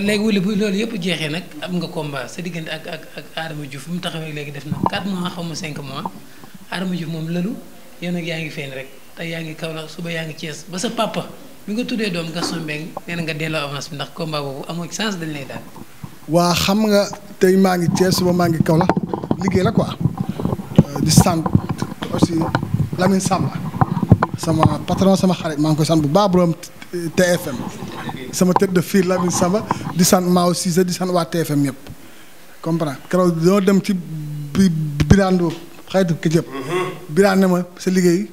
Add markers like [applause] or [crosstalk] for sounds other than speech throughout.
léegi wuli buy loolu yëpp jeexee nag am nga combat sa diggante ak ak ak Adama Diouf mu taxawee léegi def na 4 mois xaw ma 5 mois Adama Diouf moom lalu yow nag yaa ngi feeñ rek tey yaa ngi kaw Kaolack suba yaa ngi Thiès ba sa papa bi nga tuddee doom Gaston Mbengue nee nga delloo avance bi ndax combat boobu amoo ci chance dañ lay daal. waa xam nga tey maa ngi Thiès suba maa ngi Kaolack liggéey la quoi euh, di sant aussi Lamine Samba sama patron sama xarit maa ngi koy sant bu baax borom TFM. sama tête de fil Lamine sama di sant Mao Cissé di sant waa TFM yëpp comprendre keroog doo dem ci bi Birane Ndour xaytu ki jëpp ne ma sa liggéey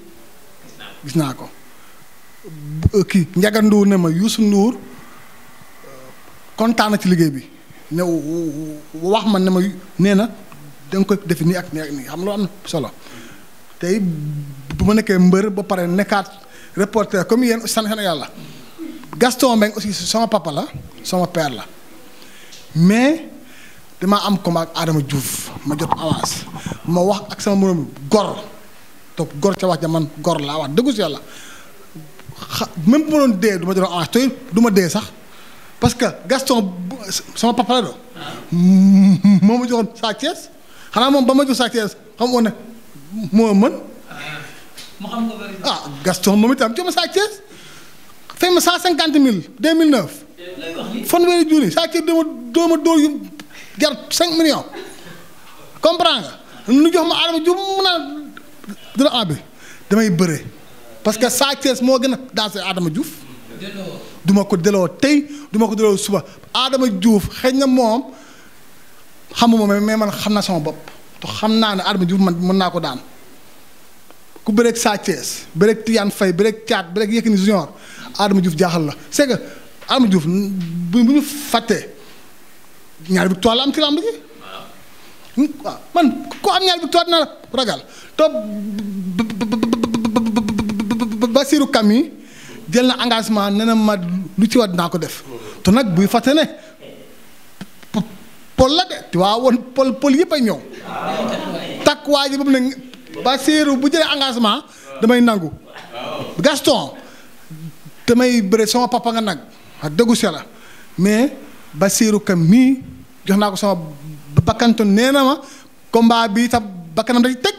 gis naa ko kii Ndiaga Ndour ne ma Youssou Ndour kontaan na ci liggéey bi ne wax ma ne ma nee na da nga koy defi nii ak nii ak nii xam nga lu am na solo tey bu ma nekkee mbër ba pare nekkaat reporter comme yéen san Sénégal Gaston Mbengue aussi sama papa la sama père la mais dama am combat ak Adama Diouf ma jot avance ma wax ak sama moroom gor toog gor ca wax ja man gor laa wax dëggu si yàlla xa même bu ma doon dee du ma jot avance te du ma sax parce que Gaston sama papa la do moo ma joxoon saa Thiès xanaa moom ba ma jox saa Thiès xam nga ne moo mën. ah, ah Gaston moom itam jox ma saa Thiès fayma cinquante mille deux mille neuf fanweeri junni saa kër dama dóoma dóor yu jar cinq million comprend nga nu jox ma adama ju mu naa dina am bi damay bëre parce que Sa Thiès moo gën a dansé Adama Diouf duma ko deloo tey duma ko deloo suba Adama Diouf xëy na moom xamuma mais man xam na sama bopp te xam naa ne Adama Diouf man mën naa ko daan ku bëreeg Sa Thiès bëreeg Tidiane Faye bëreeg Thiat bëreeg Yékini Junior Adama Diouf jaaxal la c'est que Adama Diouf bu bu ñu fàttee bi victoire la am ci lamb ji waaw man ku am ñaari victoire dina ragal te Kam jël na engagement nee ma lu ci ko def te nag buy fatte ne pol la de waaw woon pol pol yëpp ay ñëw takk waa ji ba ne Bassirou bu jëlee engagement damay nangu. Gaston damay bëre sama papa nga nag wax dëggu si mais Bassirou kam mii jox naa ko sama bakkanto nee na ma combat bi sa bakkanam day teg.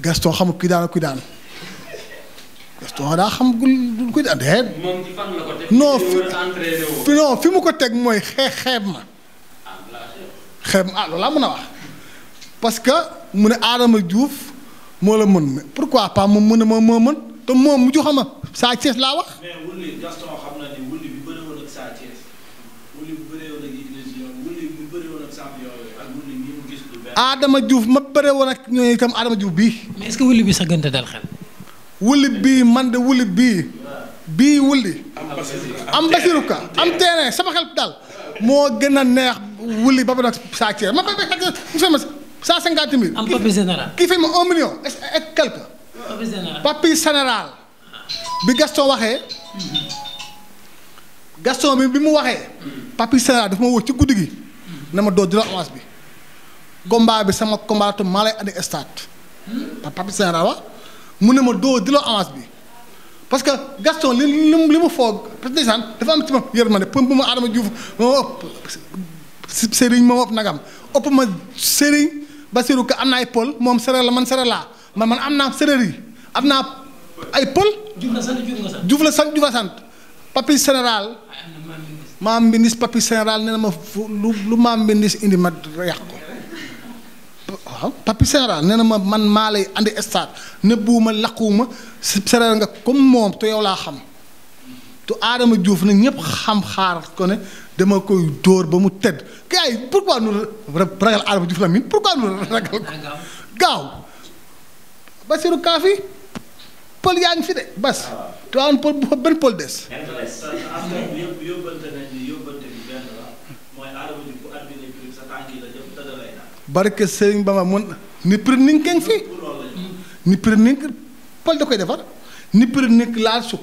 Gaston xamul kuy daan kuy daan Gaston daa xam gul kuy daan déet. moom ci fi non fi mu ko teg mooy ah, xeeb xeeb ma. xeeb ah loolu laa mën a wax. parce que mu ne Adama juuf moo la mën mais pourquoi moom mu ne ma moo mën te moom mu joxama Sa Thiès laa wax. mais wulli Gaston xam ak Sa Thiès ma bëre woon ak ñooñu itam Adama Diouf bii. wulli bi sa gën a dal xel. wulli bii man de wulli bii. bii wulli. am Basiru Ka am terrain sama xel daal moo gën a neex wulli ba ba nag Sa Thiès ma ba ba Sa Thiès cent cinquante mille. am papi général kii fay ma un million et papi général bi Gaston waxee. Gaston bi bi mu waxee. papi général dafa ma woo ci guddi gi. na ma doo di la bi. combat bi sama combat maa lay andi stade. papi général wax mu ne ma doo di la bi. parce que Gaston li li mu foog parce dafa am ci ma yërmande pour bu ma Adama Diouf ma ëpp Serigne ma ëpp nagam ëpp ma Serigne Basirou Ka am na ay pël moom séeréer la man séeréer laa man man am naa séeréer yi am naa ay pël. Diouf la sant Diouf la sant papi général maam mbindis papi général nee na ma lu lu maam mbindis ma yàq ko waaw papi général nee ma man maa lay andi stade nëbbuwuma laquwuma séeréer nga comme moom te yow laa xam te aadama Diouf nag ñëpp xam xaar ko ne. dama koy dóor ba mu tedd gars yi pourquoi nu ragal gaaw Bassirou pël yaa ngi fi de bas ah. te waan pël benn mun ni ni nga fi ni ni pël da koy defar ni ni laal sukk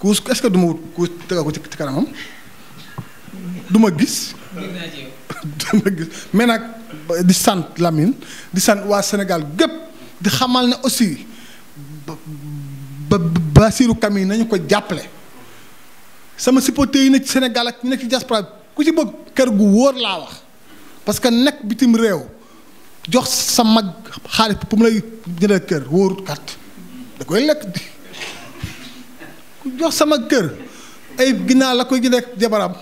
kuus est-ce que du ma wut kuus tegal ko ci kanamam du gis. [laughs] du ma gis mais nag di sant Lamine di sant waa Sénégal gépp di xamal ne aussi ba Bassirou Kami nañu ko jàppale sama supporters yi nekk Sénégal ak ñu nekk ci diaspora ku ci bëgg kër gu wóor laa wax parce que nekk bitim réew jox sa mag xaalis pour mu lay jëndal kër wóorut kat da koy lekk. ku jox sama kër ay ginaar la koy jëndee jabaram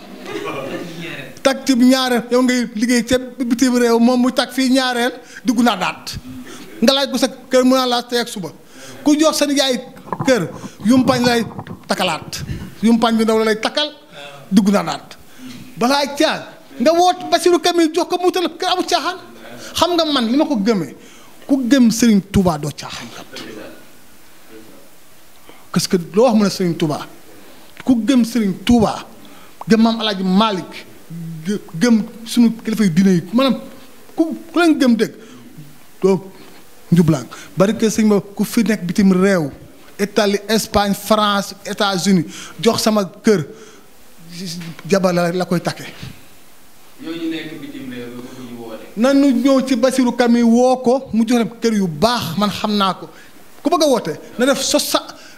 takk ci ñaareel yow ngay liggéey ca bitim réew moom mu takk fii ñaareel dugg naa daat nga laaj ko sa kër mën naa laa tey ak suba ku jox sa nijaay kër yumpañ lay takkalaat yumpañ bi ndaw la takkal dugg naa daat balaa caag nga woot Basiru Kami jox ko mu wutal kër amul caaxaan xam nga man li ma ko gëmee ku gëm Serigne Touba doo caaxaan parce que loo wax mu ne Serigne Touba ku gëm Serigne Touba gëm maam El Hadj Malick gëm sunu kilifa yu diine yi maanaam ku ku leen gëm dëgg doo njublaan bari que sëñ ba ku fi nekk bitim réew Italie Espagne France États-Unis jox sama kër jabar la la koy takke na nu ñëw ci Basiru Kami woo ko mu jox leen kër yu baax man xam naa ko ku bëgg woote na def sosa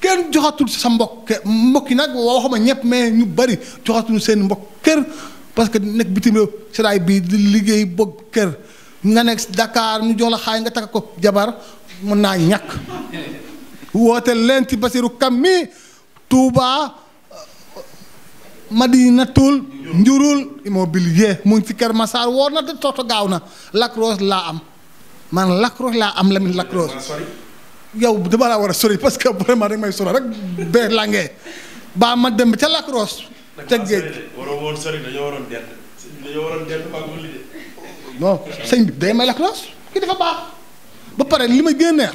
kenn joxatul sa mbokk mbokk yi nag waxuma ñëpp mais ñu bari joxatul seen mbokk kër parce que nekk bitim réew séddaay bii di liggéey bëgg kër nga nekk Dakar nu jox la xaay nga takk ko jabar mën naa ñàkk woote leen ci Basiru Kam mi Touba Madinatul njurul immobilier mu ngi ci Kër Massar woor na te toto gaaw na Lac Rose laa am man Lac Rose laa am Lamine Lac Rose yow dama la war a sori parce que vraiment danga may sori rek bee langee ma dem ca Lac Rose. te géej waroo sëñ bi day may Lac Rose ki dafa baax ba pare li may gën a neex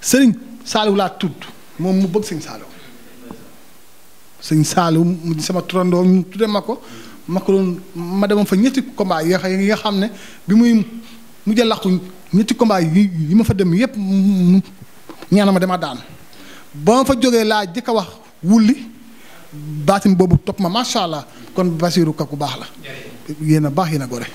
sëriñ Saliou laa tudd moom mu bëgg sëñ Saliou sëñ Saliou mu sama turandoo mu tudde ma ko ma ko doon ma demoon fa ñetti combat yi nga xam ne bi muy mu jël làqu ñetti combat yi ma fa dem yépp ñaana ma dama daan ba ma fa jógee laa jëkk a wax wulli baatim boobu topp ma macha allah kon Basiru ka ku baax la yéen a baax yéen a gore